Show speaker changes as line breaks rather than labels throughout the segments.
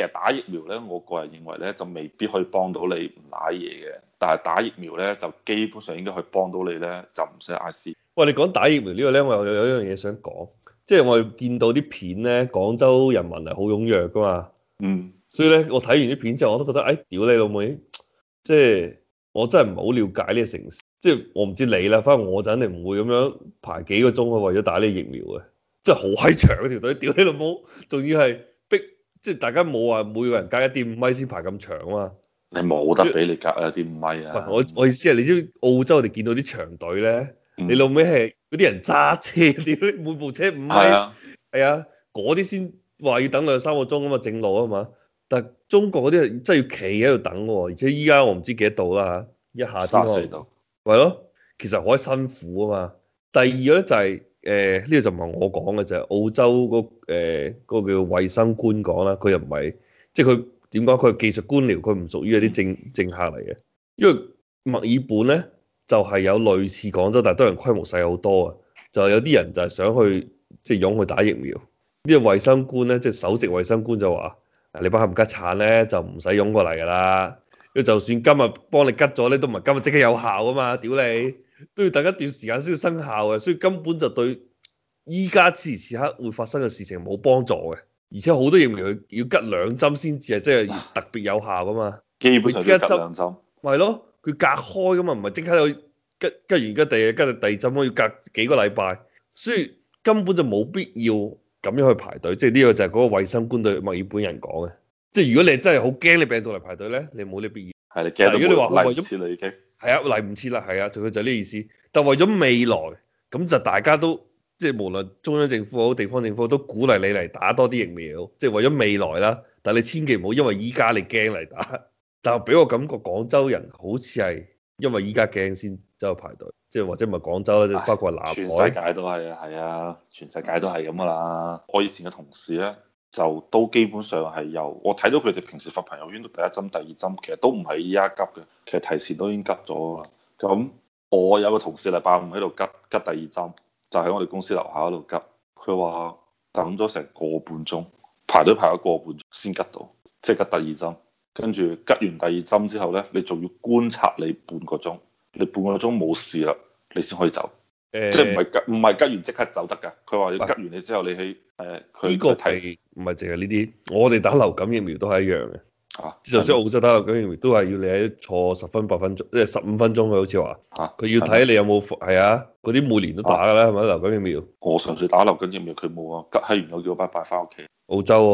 其實打疫苗咧，我個人認為咧就未必可以幫到你唔挨嘢嘅，但係打疫苗咧就基本上應該可以幫到你咧，就唔使挨刺。
喂，你講打疫苗個呢個咧，我有有一樣嘢想講，即係我見到啲片咧，廣州人民係好踴躍㗎嘛。嗯。所以咧，我睇完啲片之後，我都覺得，哎，屌你老妹，即係我真係唔係好了解呢個城市，即係我唔知你啦，反正我就肯定唔會咁樣排幾個鐘去、啊、為咗打呢疫苗嘅，真係好閪長嘅條隊，屌你老母，仲要係。即係大家冇話每個人隔一點五米先排咁長啊嘛，你冇得俾你隔一點五米啊。我我意思係你知澳洲我哋見到啲長隊咧，你老尾係嗰啲人揸車，點解每部車五米？係啊，嗰啲先話要等兩三個鐘啊嘛，正路啊嘛。但係中國嗰啲係真係要企喺度等嘅，而且依家我唔知幾多度啦，一下揸四度。係咯，啊，其實好辛苦啊嘛。第二咧就係、是。誒，呢個就唔係我講嘅，就係澳洲嗰誒嗰個叫衛生官講啦，佢又唔係，即係佢點講？佢係技術官僚，佢唔屬於一啲政政客嚟嘅。因為墨爾本咧就係有類似廣州，但係當然規模細好多啊。就有啲人就係想去，即係湧去打疫苗。呢個衛生官咧，即係首席衛生官就話：你班黑唔吉鏟咧，就唔使湧過嚟噶啦。因為就算今日幫你吉咗咧，都唔係今日即刻有效啊嘛，屌你！都要等一段時間先生效嘅，所以根本就對依家此時此刻會發生嘅事情冇幫助嘅，而且好多疫苗佢要吉兩針先至係即係特別有效噶嘛。基本上吉兩針，係咯週，佢隔開噶嘛，唔係即刻去吉吉完吉第二吉第二針，我要隔幾個禮拜，所以根本就冇必要咁樣去排隊。即係呢個就係嗰個衞生官對墨爾本人講嘅。即係如果你真係好驚你病到嚟排隊咧，你冇呢必要。係，如果你話佢為咗係啊嚟唔切啦，係啊經，就佢就呢意思。但為咗未來，咁就大家都即係、就是、無論中央政府好，地方政府都鼓勵你嚟打多啲疫苗，即、就、係、是、為咗未來啦。但你千祈唔好因為依家你驚嚟打，但俾我，我感覺廣州人好似係因為依家驚先走去排隊，即、就、係、是、或者唔係廣州唉包括南海全，全世界
都係啊，係啊，全世界都係咁噶啦。我以前嘅同事咧。就都基本上係有，我睇到佢哋平時發朋友圈都第一針、第二針，其實都唔係依家急嘅，其實提前都已經急咗啦。咁我有個同事禮拜五喺度急急第二針，就喺我哋公司樓下嗰度急。佢話等咗成個半鐘，排隊排咗個半鐘先急到，即係急第二針。跟住急完第二針之後呢，你仲要觀察你半個鐘，
你半個鐘冇事啦，你先可以走。
即係唔係急唔係急完即刻走得噶？佢話要急完你之後你喺誒，呢個係
唔係淨係呢啲？我哋打流感疫苗都係一樣嘅。啊，就算澳洲打流感疫苗都係要你喺坐十分八分鐘，即係十五分鐘，佢好似話，佢要睇你有冇係啊？嗰啲每年都打噶啦，係咪流感疫苗？我上次打流感疫苗佢冇啊，吉完又叫拜拜翻屋企。澳洲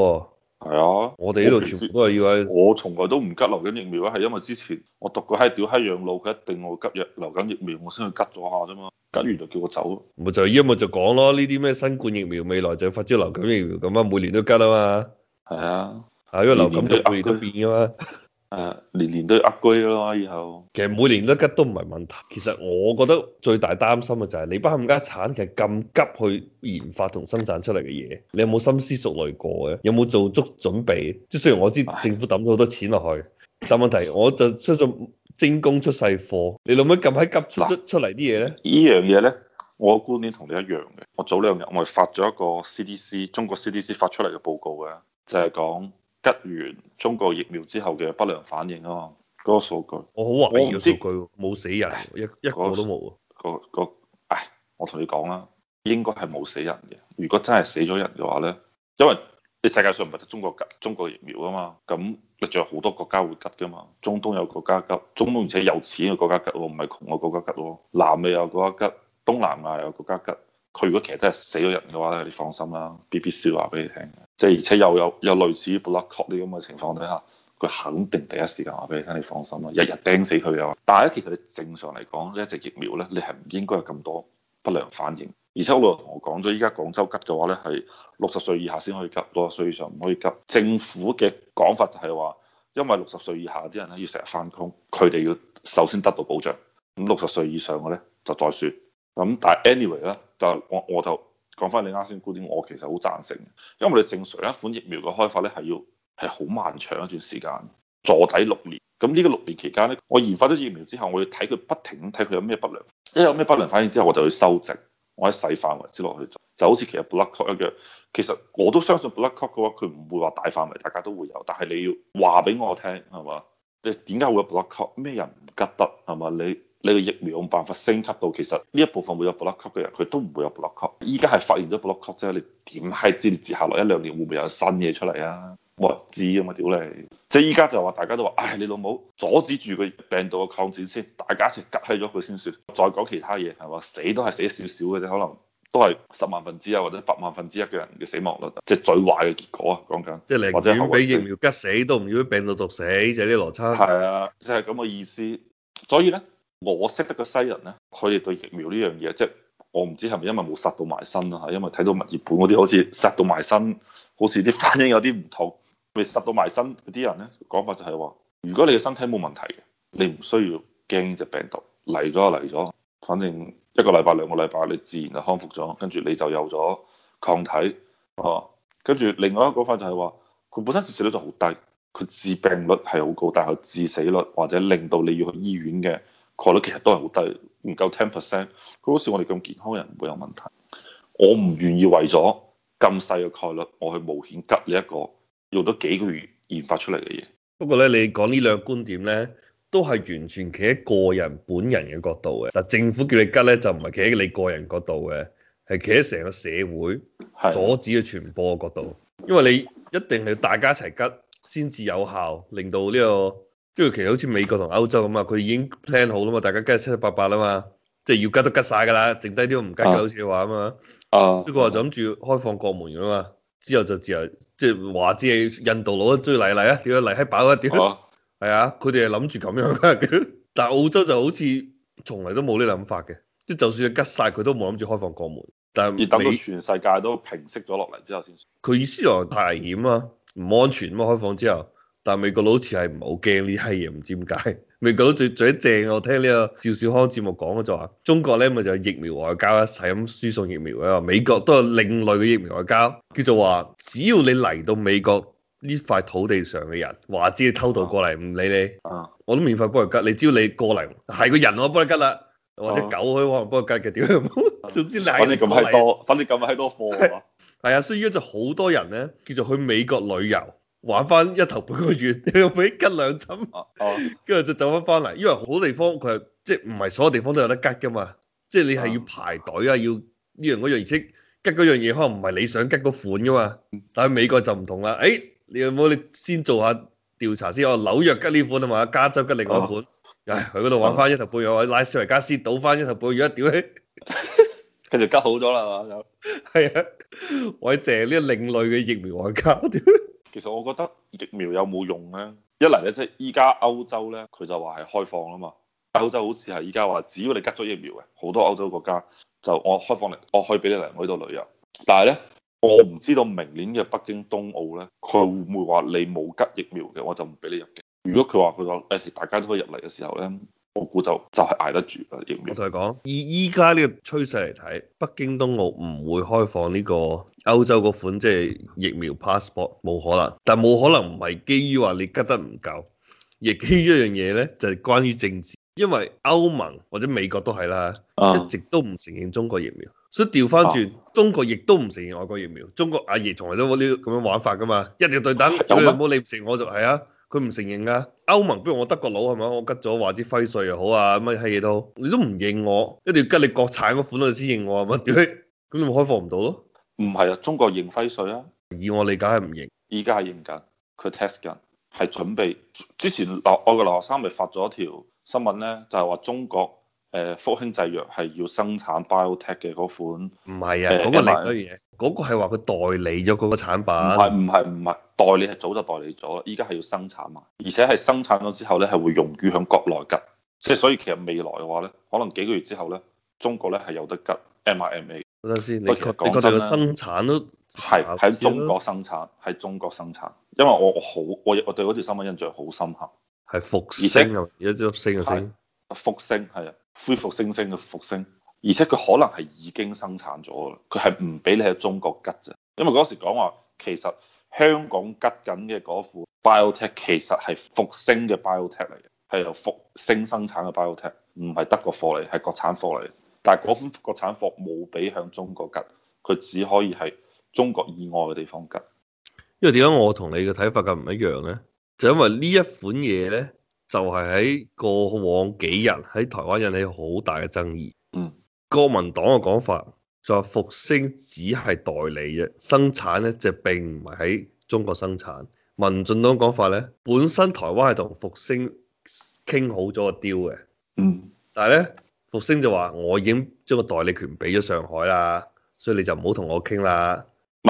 喎，係啊，我哋呢度全
部都係要喺。我從來都唔急流感疫苗啊，係因為之前我讀過閪屌閪養老，佢一定我急吉流感疫苗，我先去急咗下啫嘛。
拮完就叫我走咪就因咪就講咯，呢啲咩新冠疫苗未來就發展流感疫苗咁啊，每年都拮啊嘛，係啊，啊因為流感就年年都，每年都變噶嘛，誒、啊、年年都呃居咯以後。其實每年都拮都唔係問題，其實我覺得最大擔心嘅就係、是、你家唔家產，其實咁急去研發同生產出嚟嘅嘢，你有冇深思熟慮過咧？有冇做足準備？即雖然我知政府抌咗好多錢落去，唉但問題我就相信。精工出細貨，你諗乜咁喺急出嚟啲嘢咧？
呢樣嘢咧，我觀點同你一樣嘅。我早兩日我咪發咗一個 CDC 中國 CDC 發出嚟嘅報告嘅，就係講吉完中國疫苗之後嘅不良反應啊嘛。嗰個數據
我好懷疑，我唔知個數據、啊，冇
死人、啊唉，一一個都冇、那個。那個個唉，我同你講啦，應該係冇死人嘅。如果真係死咗人嘅話咧，因為。世界上唔係得中國急中國疫苗噶嘛，咁你仲有好多國家會急噶嘛。中東有國家急，中東而且有錢嘅國家急喎，唔係窮嘅國家急喎。南美有國家急，東南亞有國家急。佢如果其實真係死咗人嘅話咧，你放心啦，BBC 話俾你聽，即係而且又有有類似於 blockade 啲咁嘅情況底下，佢肯定第一時間話俾你聽，你放心啦，日日釘死佢啊！但係咧，其實你正常嚟講，呢一隻疫苗咧，你係唔應該有咁多不良反應。而且老羅同我講咗，依家廣州急嘅話咧，係六十歲以下先可以急，六十歲以上唔可以急。政府嘅講法就係話，因為六十歲以下啲人咧要成日返工，佢哋要首先得到保障。咁六十歲以上嘅咧就再説。咁但係 anyway 咧，就我我就講翻你啱先觀點，我其實好贊成嘅，因為我哋正常一款疫苗嘅開發咧係要係好漫長一段時間，坐底六年。咁呢個六年期間咧，我研發咗疫苗之後，我要睇佢不停睇佢有咩不良，一有咩不良反應之後，我就去修正。我喺細範圍之落去就就好似其實 blockade 嘅，其實我都相信 blockade 嘅話佢唔會話大範圍大家都會有，但係你要話俾我聽係嘛？即點解會有 blockade？咩人唔吉得係嘛？你你個疫苗用辦法升級到，其實呢一部分會有 blockade 嘅人，佢都唔會有 blockade。依家係發現咗 blockade 啫，你點閪知你接下來一兩年會唔會有新嘢出嚟啊？未知啊嘛，屌你！即係依家就話大家都話，唉、哎，你老母阻止住個病毒嘅擴展先，大家一隔吉咗佢先算，再講其他嘢係嘛？死都係死少少嘅啫，可能都係十萬分之一或者百萬分之一嘅人嘅死亡率，即係最壞嘅結果啊！講緊即係寧願俾疫苗
吉死，都唔要俾病毒毒死，就係呢個邏輯。係啊，
就係咁嘅意思。所以咧，我識得個西人咧，佢哋對疫苗呢樣嘢，即係我唔知係咪因為冇殺到埋身啊，嚇，因為睇到日本嗰啲好似殺到埋身，好似啲反應有啲唔同。咪塞到埋身嗰啲人呢，講法就係話：如果你嘅身體冇問題，你唔需要驚呢隻病毒，嚟咗就嚟咗，反正一個禮拜兩個禮拜你自然就康復咗，跟住你就有咗抗體。哦、啊，跟住另外一個講法就係話，佢本身死致，致死率就好低，佢致病率係好高，但係致死率或者令到你要去醫院嘅概率其實都係好低，唔夠 ten percent。佢好似我哋咁健康人唔會有問題。我唔願意為咗咁細嘅概率，我去冒險急你一個。做咗幾個月
研發出嚟嘅嘢。不過咧，你講呢兩個觀點咧，都係完全企喺個人本人嘅角度嘅。嗱，政府叫你吉咧，就唔係企喺你個人角度嘅，係企喺成個社會阻止嘅傳播嘅角度。的因為你一定係大家一齊吉先至有效，令到呢個，即係其實好似美國同歐洲咁嘛，佢已經 plan 好啦嘛，大家吉七七八八啦嘛，即係要吉都吉晒㗎啦，剩低啲唔吉嘅。啊，好似話啊嘛。啊。不過就諗住開放國門㗎嘛。之後就自由，即係話之係印度佬追嚟嚟啊，點解嚟喺飽啊？點？係啊，佢哋係諗住咁樣，但係澳洲就好似從來都冇呢諗法嘅，即係就算佢吉晒，佢都冇諗住開放國門但。但係要等到全
世界都平息咗落嚟之後先。
佢意思就係太危險啊，唔安全啊嘛，開放之後。但係美國佬好似係唔係好驚呢批嘢唔知點解。美國佬最最正我聽呢個趙小康節目講咧就話，中國咧咪就係、疫苗外交一齊咁輸送疫苗嘅。美國都有另類嘅疫苗外交，叫做話，只要你嚟到美國呢塊土地上嘅人，話知你偷渡過嚟，唔理你。嗯、啊！我都免費幫佢吉。你只要你過嚟，係個人我幫你吉啦，嗯啊、或者狗可以幫你吉嘅。屌， 總之你，你反正咁閪多，反正咁閪多貨，啊。係啊，所以而家就好多人咧，叫做去美國旅遊。玩翻一頭半個月，又俾吉兩針，哦，跟住就走翻翻嚟。因為好地方佢係即係唔係所有地方都有得吉噶嘛，即係你係要排隊啊，要呢樣嗰樣，而且吉嗰樣嘢可能唔係你想吉嗰款噶嘛。但係美國就唔同啦，誒、哎，你有冇你先做下調查先？我紐約吉呢款啊嘛，加州吉另外款，唉、哦哎，去嗰度玩翻一頭半個月，拉斯維加斯倒翻一頭半個月，一屌你，佢 就吉好咗啦嘛就，係啊，我哋謝呢個另類嘅疫苗外交。 其實我覺得疫苗有冇用咧？
一嚟咧，即係依家歐洲咧，佢就話係開放吖嘛。歐洲好似係依家話，只要你吉咗疫苗嘅，好多歐洲國家就我開放嚟，我可以俾你嚟我呢度旅遊。但係咧，我唔知道明年嘅北京冬奧咧，佢會唔會話你冇吉疫苗嘅，我就唔俾你入嘅？如果佢話佢話誒，大家都可以入嚟嘅時候咧。我估就就係
挨得住噶，疫苗，我同你講以依家呢個趨勢嚟睇，北京東澳唔會開放呢個歐洲個款，即、就、係、是、疫苗 passport 冇可能。但冇可能唔係基於話你吉得唔夠，亦基於一樣嘢咧，就係、是、關於政治。因為歐盟或者美國都係啦，uh. 一直都唔承認中國疫苗，所以調翻轉，uh. 中國亦都唔承認外國疫苗。中國阿爺從來都冇呢啲咁樣玩法噶嘛，一對、uh. 就對等、啊，佢又唔你唔承認我就係啊，佢唔承認噶。歐盟，不如我德國佬係咪？我吉咗話支輝瑞又好啊，乜閪嘢，都，你都唔認我，一定要吉你國產款你先認我啊嘛，咁你咪開放唔到咯？唔係啊，中國認輝瑞啊，以我理解係唔認，依家係認緊，佢 test 緊，
係準備。之前留我個留學生咪發咗條新聞咧，就係話中國。誒復星製藥係要生產 BioNTech 嘅嗰款，唔係啊，嗰、呃、個
嘢，嗰個係話佢代理咗嗰個產品，唔係唔係
唔係，代理係早就代理咗，依家係要生產嘛，而且係生產咗之後咧係會用於響國內㗎。即係所以其實未來嘅話咧，可能幾個月之後咧，中國咧係有得吉 mRNA
等等。嗰陣你我你覺得佢生產都係喺中國
生產，喺中國生產，因為我好，我我對嗰條新聞印象好深刻，
係復星。啊，一升啊升，
復星係啊。恢復星星嘅復星，而且佢可能係已經生產咗啦，佢係唔俾你喺中國吉啫，因為嗰時講話，其實香港吉緊嘅嗰副 BioNTech 其實係復星嘅 BioNTech 嚟嘅，係由復星生產嘅 BioNTech，唔係德國貨嚟，係國產貨嚟。但係嗰款國產貨冇俾向中國吉，佢只可以係中國以外嘅地方吉。因
為點解我同你嘅睇法咁唔一樣呢？就因為呢一款嘢呢。就係喺過往幾日喺台灣引起好大嘅爭議。嗯，國民黨嘅講法就話復星只係代理嘅生產咧，就並唔係喺中國生產。民進黨講法咧，本身台灣係同復星傾好咗個 deal 嘅。嗯，但係咧復星就話我已經將個代理權俾咗上海啦，所以你就唔好同我傾啦。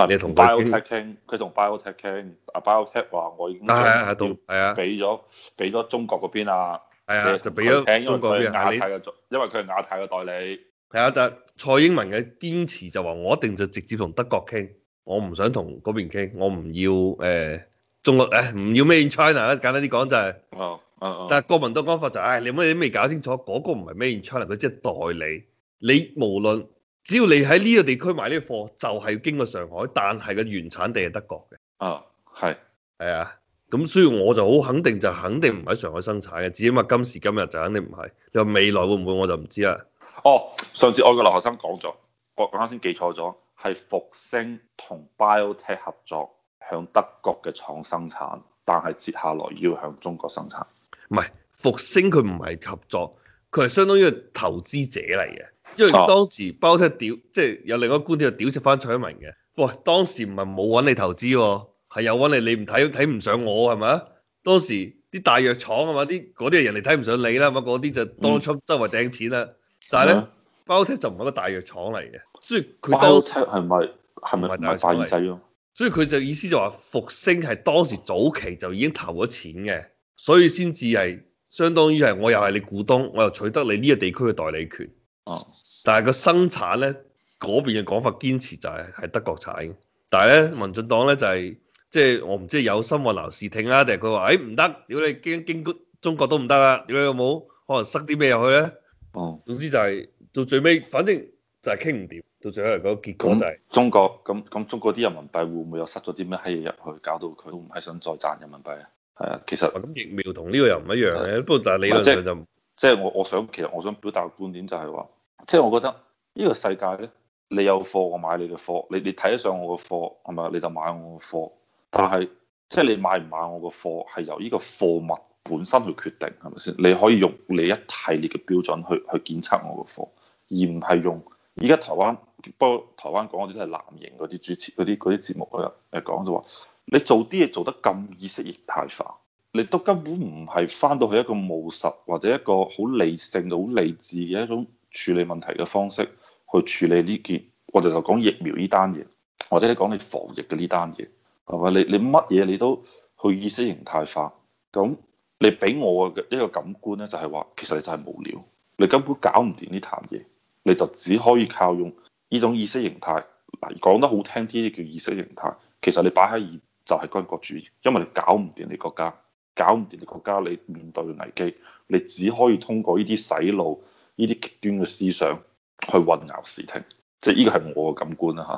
你同 BioTech
傾，佢同 BioTech 傾，阿 BioTech 話我已經要俾咗俾咗中國嗰邊啊，係啊就俾咗中國嗰邊，亞太嘅因為佢係亞太嘅、啊、代理。
係啊，但蔡英文嘅堅持就話我一定就直接同德國傾，我唔想同嗰邊傾，我唔要誒、呃、中國誒唔要 Made in China 啦，簡單啲講就係、是。哦、uh, uh huh. 但係國民黨講法就誒、哎，你乜嘢都未搞清楚，嗰、那個唔係 Made in China，佢即係代理，你，你無論。只要你喺呢個地區買呢啲貨，就係、是、要經過上海，但係個原產地係德國嘅。啊、哦，係，係啊，咁所以我就好肯定，就肯定唔喺上海生產嘅。至起碼今時今日就肯定唔係。你話未來會唔會，我就唔知啦。
哦，上次我個留學生講咗，我啱先記錯咗，係復星同 BioNTech 合作，向德國嘅廠生產，但係
接下來要向中國生產。唔係，復星佢唔係合作，佢係相當於投資者嚟嘅。啊、因為當時包踢屌，即係有另一個觀點就屌柒翻彩文嘅。喂，當時唔係冇揾你投資喎，係有揾你，你唔睇睇唔上我係咪啊？當時啲大藥廠啊嘛，啲嗰啲人哋睇唔上你啦，咁嗰啲就當初、嗯、周圍掟錢啦。但係咧，包踢、啊、就唔係個大藥廠嚟嘅，所以
佢包踢係咪係咪唔係大藥廠，大藥廠
所以佢就意思就話復星係當時早期就已經投咗錢嘅，所以先至係相當於係我又係你股東，我又取得你呢個地區嘅代理權。哦。啊但係個生產咧，嗰邊嘅講法堅持就係、是、係德國產嘅。但係咧，民進黨咧就係、是、即係我唔知有心或鬧事聽、啊，停啊定佢話誒唔得，如、欸、果你經經，經中國都唔得啦，點解有冇可能塞啲咩入去咧？哦，總之就係、是、到最尾，反正就係傾唔掂，到最後嗰個結果就係中
國咁咁，中國啲人民幣會唔會又塞咗啲咩閪嘢入去，搞到佢都唔係想再賺人民幣啊？係啊，其實咁疫苗同呢個
又唔一樣嘅、啊，的不過就係理論上
就即係我我想其實、就是、我想表達嘅觀點就係話。即係我覺得呢個世界咧，你有貨我買你嘅貨，你你睇得上我嘅貨係咪？你就買我嘅貨。但係即係你買唔買我嘅貨係由呢個貨物本身去決定係咪先？你可以用你一系列嘅標準去去檢測我嘅貨，而唔係用而家台灣不過台灣講嗰啲都係藍營嗰啲主持嗰啲啲節目嚟講就話，你做啲嘢做得咁意識形態化，你都根本唔係翻到去一個務實或者一個好理性好理智嘅一種處理問題嘅方式去處理呢件，我哋就講疫苗呢單嘢，或者講你防疫嘅呢單嘢，係嘛？你你乜嘢你都去意識形態化，咁你俾我嘅一個感官咧，就係話其實你就係無聊，你根本搞唔掂呢壇嘢，你就只可以靠用呢種意識形態，嗱講得好聽啲叫意識形態，其實你擺喺就係軍國主義，因為你搞唔掂你國家，搞唔掂你國家，你面對危機，你只可以通過呢啲洗腦。呢啲極端嘅思想去混淆視聽，即係呢個係我嘅感官啦、啊、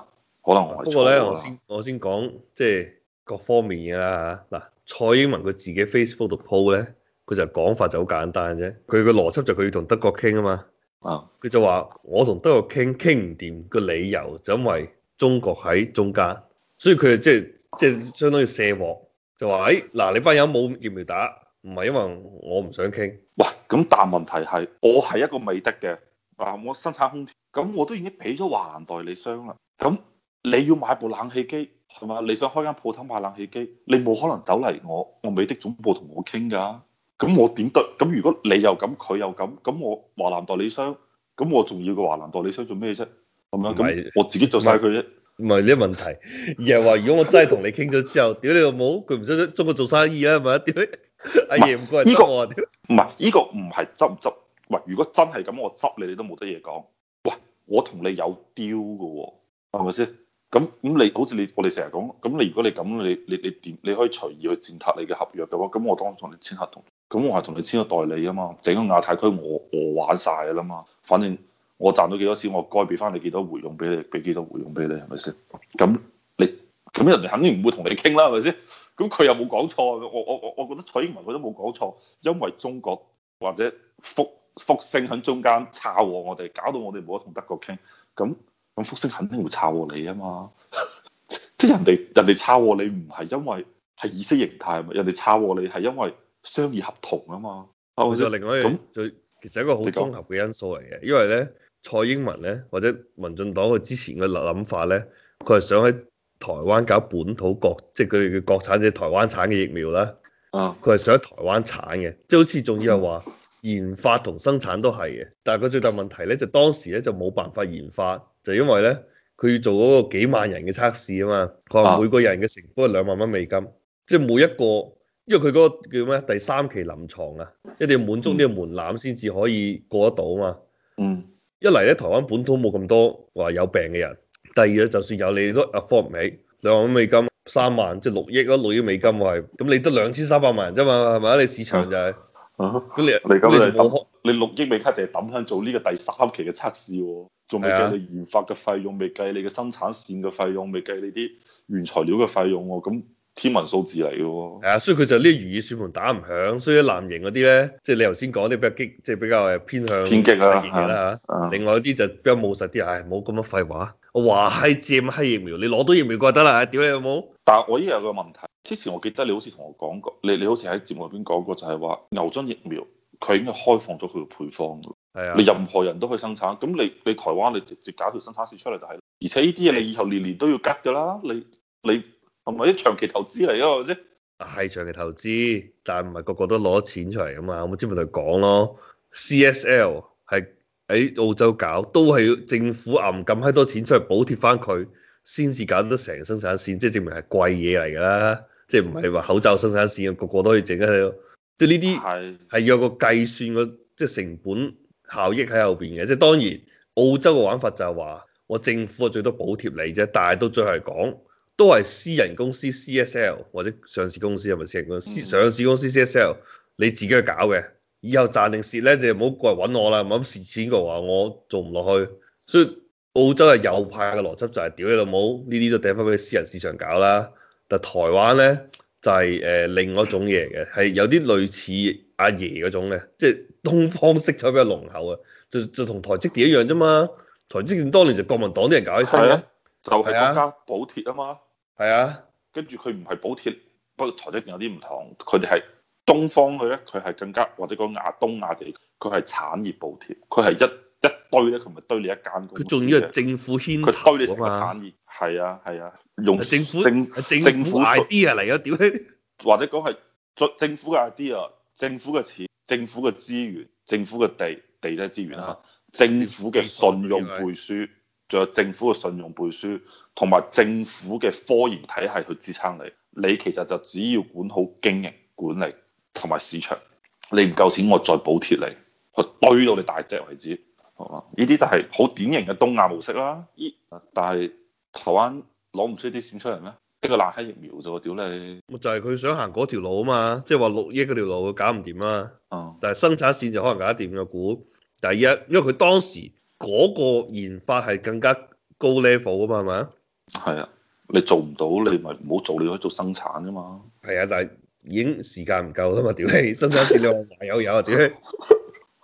嚇，可能我係錯啦、啊、不過咧，我
先我先講即係、就是、各方面嘅啦嚇。嗱、啊，蔡英文佢自己 Facebook 度 po 咧，佢就講法就好簡單啫。佢嘅邏輯就佢要同德國傾啊嘛。啊！佢就話我同德國傾傾唔掂，個理由就因為中國喺中間，所以佢即係即係相當於卸鑊，就話哎嗱、啊，你班友冇叫唔要打。唔係因為我唔想傾，喂，咁但問題係我係一
個美的嘅，嗱，我生產空調，咁我都已經俾咗華南代理商啦。咁你要買部冷氣機，係嘛？你想開間鋪頭賣冷氣機，你冇可能走嚟我我美的總部同我傾噶、啊。咁我點得？咁如果你又咁，佢又咁，咁我華
南代理商，咁我仲要個華南代理商做咩啫？係嘛？咁我自己做晒佢啫。唔係呢個問題， 而係話如果我真係同你傾咗之後，屌 你老母，佢唔想喺中國做生意啊？係咪啊？屌你！ 阿呢個唔係，呢個唔係執唔執喂？如果真
係咁，我執你，你都冇得嘢講。喂，我同你有 deal 噶，係咪先？咁咁你好似你我哋成日講，咁你如果你咁，你你你點你可以隨意去踐踏你嘅合約嘅話，咁我當同你簽合同，咁我係同你簽咗代理啊嘛，整個亞太區我我玩晒噶啦嘛，反正我賺到幾多錢，我該俾翻你幾多回佣俾你，俾幾多回佣俾你係咪先？咁你咁人哋肯定唔會同你傾啦，係咪先？咁佢又冇講錯，我我我我覺得蔡英文佢都冇講錯，因為中國或者復復星喺中間插和我哋，搞到我哋冇得同德國傾，咁咁復星肯定會插和你啊嘛！即 係人哋人哋插和你唔係因為係意識形態啊嘛，人哋插和你係因為商業合同啊嘛。哦，就以另外咁，
就那其實一個好綜合嘅因素嚟嘅，說因為咧蔡英文咧或者民進黨佢之前嘅諗法咧，佢係想喺台灣搞本土國，即係佢哋嘅國產，即係台灣產嘅疫苗啦。啊，佢係想喺台灣產嘅，即係好似仲要係話研發同生產都係嘅。但係佢最大問題咧，就是、當時咧就冇辦法研發，就因為咧佢要做嗰個幾萬人嘅測試啊嘛。佢話每個人嘅成本係兩萬蚊美金，啊、即係每一個，因為佢嗰個叫咩第三期臨床啊，一定要滿足呢個門檻先至可以過得到啊嘛。嗯，一嚟咧，台灣本土冇咁多話有病嘅人。第二咧，就算有你，你都 afford 唔起，兩萬美金三萬即係六億嗰六億美金喎，係咁你得兩千三百萬啫嘛，係咪啊？你市場就係、是，咁、啊啊、你你咁這你你六億美卡就係抌
喺做呢個第三期嘅測試喎、啊，仲未計你研發嘅費用，未計你嘅生產線嘅
費用，未計你啲原材料嘅費用喎、啊，咁。天文數字嚟嘅喎，啊，所以佢就呢個如意算盤打唔響，所以啲藍營嗰啲咧，即、就、係、是、你頭先講啲比較激，即、就、係、是、比較偏向偏激啊，嚇、啊！啊啊、另外有啲就比較務實啲，唉、哎，冇咁多廢話，我話係佔係疫苗，你攞到疫苗就得啦、啊，屌你有冇？但係我依度有一個問題，之前我記得你好似同我講過，
你你好似喺節目入邊講過就，就係話牛津疫苗佢已經開放咗佢嘅配方，係啊，你任何人都可以生產，咁你你台灣你直接搞條生產線出嚟就係、是，而且呢啲嘢你以後年年都要吉㗎啦，你你。你你同埋啲
長期投資嚟啊，係咪先？係長期投資，但唔係個個都攞錢出嚟噶嘛。我冇知咪同佢講咯。C S L 係喺澳洲搞，都係要政府暗咁閪多錢出嚟補貼翻佢，先至搞得成生產線，即係證明係貴嘢嚟噶啦。即係唔係話口罩生產線個個都可以整得。即係呢啲係要有個計算個即係成本效益喺後邊嘅。即係當然澳洲嘅玩法就係話，我政府最多補貼你啫，但係都最後嚟講。都係私人公司 C S L 或者上市公司係咪私人公司？嗯、上市公司 C S L 你自己去搞嘅，以後賺定蝕咧，你唔好過嚟揾我啦。唔好蝕錢嘅話，我做唔落去。所以澳洲係右派嘅邏輯就係，屌你老母，呢啲就掟翻俾私人市場搞啦。但台灣咧就係、是、誒、呃、另外一種嘢嘅，係有啲類似阿爺嗰種咧，即係東方色彩比較濃厚啊。就就同台積電一樣啫嘛。台積電當年就國民黨啲人搞起係啊，就係啊，國家
補貼啊嘛。係啊，跟住佢唔係補貼，不過台積電有啲唔同，佢哋係東方嘅，咧，佢係更加或者講亞東亞地，佢係產業補貼，佢係一一堆咧，佢咪堆你一間公司。佢仲要係
政府牽頭
啊嘛，佢堆你成個產業。係啊係啊，用政府政正政府 idea 嚟咗屌咧？或者講係政府嘅 idea，政府嘅錢、政府嘅資源、政府嘅地、地都係資源啦，啊、政府嘅信用背書。仲有政府嘅信用背書同埋政府嘅科研體系去支撐你，你其實就只要管好經營管理同埋市場，你唔夠錢我再補貼你，去堆到你大隻為止，係嘛？呢啲就係好典型嘅東亞模式啦。咦但係台灣攞唔出啲錢出嚟咩？一個爛黑疫苗啫喎，屌
你！咪就係佢想行嗰條路啊嘛，即係話六億嗰條路佢搞唔掂啊。哦、嗯。但係生產線就可能搞得掂嘅估。第一，因為佢當時。嗰個研發係更加高 level 啊嘛，係咪啊？
係啊，你做唔到，你咪唔好做，你可以做生產㗎嘛。
係啊，但
係已經時間唔夠啦嘛，屌你生產線量麻有？有啊，屌！